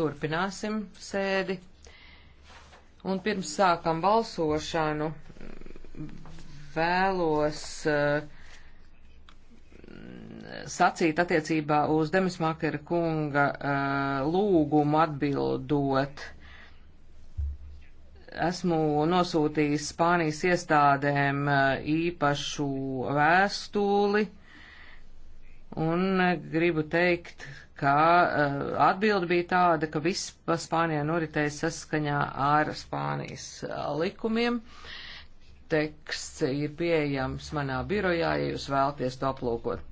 Turpināsim sēdi. Un pirms sākam balsošanu vēlos uh, sacīt attiecībā uz Demismakera kunga uh, lūgumu atbildot. Esmu nosūtījis Spānijas iestādēm uh, īpašu vēstuli un gribu teikt, ka uh, eh, atbildi bija tāda, ka viss Spānijā noritēja saskaņā ar Spānijas uh, likumiem. Teksts ir pieejams manā birojā, ja jūs vēlties to aplūkot.